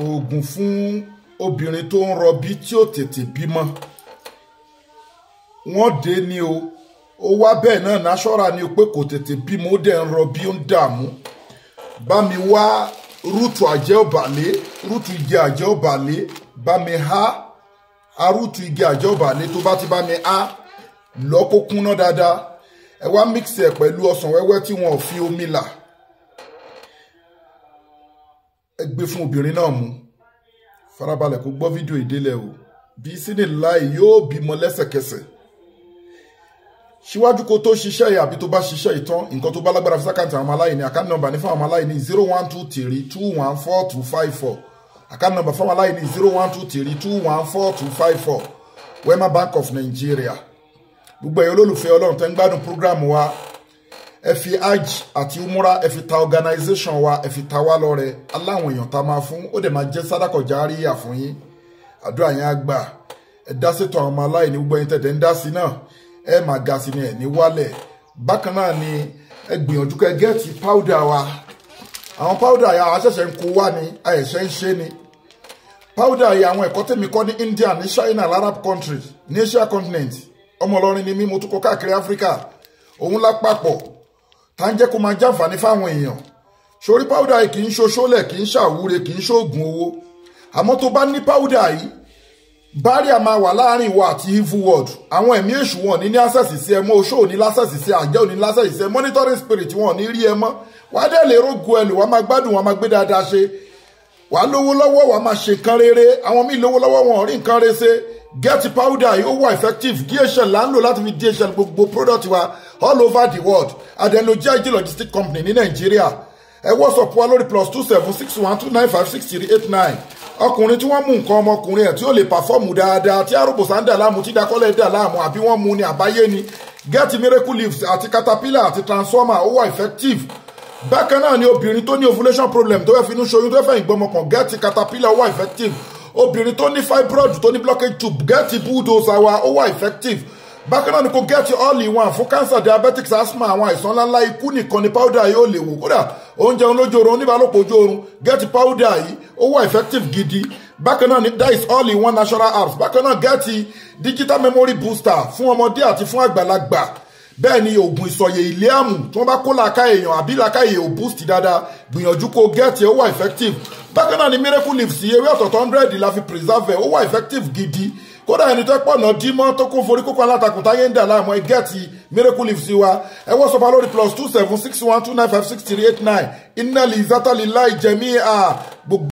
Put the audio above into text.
oògùn fún obìnrin tó ń rọbí tí ò tètè bímọ wọ́n dé ni o ó wá bẹ́ẹ̀ náà náṣọ́ra ni o pé kò tètè bímọ ó dẹ̀ ń rọbí ó ń dààmú bá mi wá rútù àjẹ́ òbàlé rútù igi àjẹ́ òbàlé bá mi há arútù igi àjẹ́ òbàlé tó bá ti bá mi há lọ́kó kúnná dáadáa ẹ wá mix ẹ̀ pẹ̀lú ọsàn wẹ́wẹ́ tí wọn ò fi omi là ẹ gbé fún obìnrin náà mú farabalẹ̀ kó gbọ́ fídíò ìdílé o bí Síníláì yóò bímọ lẹ́sẹ̀kẹsẹ̀ síwájú kó tó ṣiṣẹ́ yìí àbí tó bá ṣiṣẹ́ yìí tán nǹkan tó bá lágbára fi sákàtì àwọn aláìní àkáǹtì nọ́mbà ní fáwọn aláìní zero one two three two one four two five four àkáǹtì nọ́mbà fáwọn aláìní zero one two three two one four two five four Wema Bank of Nigeria gbogbo ẹ̀yọ́ olólùfẹ́ ọlọ́run tẹ́ ń gbádùn prógráàmù wa ẹ fi hajj àti umura ẹ fi ta organisation wa ẹ fi ta wá lọ́rẹ aláwọn èèyàn tá a máa fún ó dẹ̀ máa jẹ́ sádàkọ̀já àríyá fún yín àdúrà yẹn á gbà ẹ dá sí tàn ọmọ aláìní gbogbo ẹ̀yin tẹ̀tẹ̀ ń dá sí náà ẹ máa ga sí ni ẹ̀ ní wálẹ̀ bákan náà ni ẹ gbìyànjú kẹ gẹ́ẹ̀tì páùdà wa àwọn powder yà á ṣẹ̀ṣẹ̀ ń kó wá ni àìṣẹ́ ń ṣe ni páùdà yà àwọn ẹ̀kọ́ tèmi kọ́ ní India ní China Arab countries ní Asia continent ọmọ Ìlọrin ni mí mo tún kọ́ káàkiri Africa òun lápapọ̀ tá ń jẹ́ kó máa jáǹfààní fáwọn èèyàn sórí páwùdà yìí kì í ṣoṣólẹ̀ kì í ṣàwúre kì í ṣoògùn owó àmọ́ tó bá ní páwùdà yìí báríà máa wà láàrin ìwọ àti evil world àwọn ẹ̀mí èṣù wọn ní ní access sí ẹ mọ́ oṣó òní lásẹ̀sì sí àjẹ́ òní lásẹ̀sì sí monitoring spirit wọn ní rí ẹ wàá dẹ̀ lè rógo ẹlò wàá máa gbádùn wàá máa gbé dáadáa ṣe wàá lówó lọ́wọ́ wàá máa ṣe nǹkan rere àwọn míì lówó lọ́wọ́ wọn ò rí nǹkan rere ṣe get powder yìí ó effective DHL là ń lò láti fi DHL gbogbo product wa all over the world àdẹ̀lò GIG logistic company ní nàìjíríà ẹ WhatsApp wa lórí plus two seven six one two nine five six three eight nine ọkùnrin tí wọ́n mú nǹkan ọmọkùnrin ẹ̀ tí ó lè pàfọ́ọ̀mù dáadáa tí arúgbòsá ń dà láàmú tí dakọ́lẹ̀ dà láàmú àbí wọ́n mú ni àbáyé ni get miracle leaves àti caterpillar àti transformer ó wà effective bákan náà ni obìnrin tó ní ovulation problem tó fẹ́ finú ṣoyún tó fẹ́ ìgbọ́mọkàn get caterpillar ó wà effective obìnrin tó ní fibroid tó ní blockage tube gẹ́ẹ̀tì bulldozer wa ó wà effective bákan náà ni kò gẹ́ẹ̀tì all in one fún cancer diabetics asthma àwọn àìsàn ńláńlá ikú nìkan ni powder yìí ó lè wò kódà oúnjẹ olójú oorun oníbàálòpọ̀ ojú oorun gẹ́ẹ̀tì powder yìí ó wà effective gidi bákan náà ni that is all in one natural apps bákan náà gẹ́ẹ̀tì digital memory booster fún ọmọdé àti fún àgbàlagbà bẹ́ẹ̀ ni oògùn ìsọ̀yè ilé àmù tí wọ́n bá kó làákà èèyàn àbí làákà èèyàn ò boost dáadáa gbìyànjú kó gẹ́ẹ̀tì ó wà effective bákan náà ni miracle leaves ewé ọ̀tọ̀tọ̀ hundred la fi preserve ó wà effective gidi kódà ẹni tó pọ̀nà dímọ́ tó kún forí kókó alátakùn táyé ń dà láàmú ẹgẹ́ẹ̀tì miracle leaves wa ẹ wọ́n sọpá lórí plus two seven six one two nine five six three eight nine iná lè zátàlí láì jẹ̀mí à gbogbo.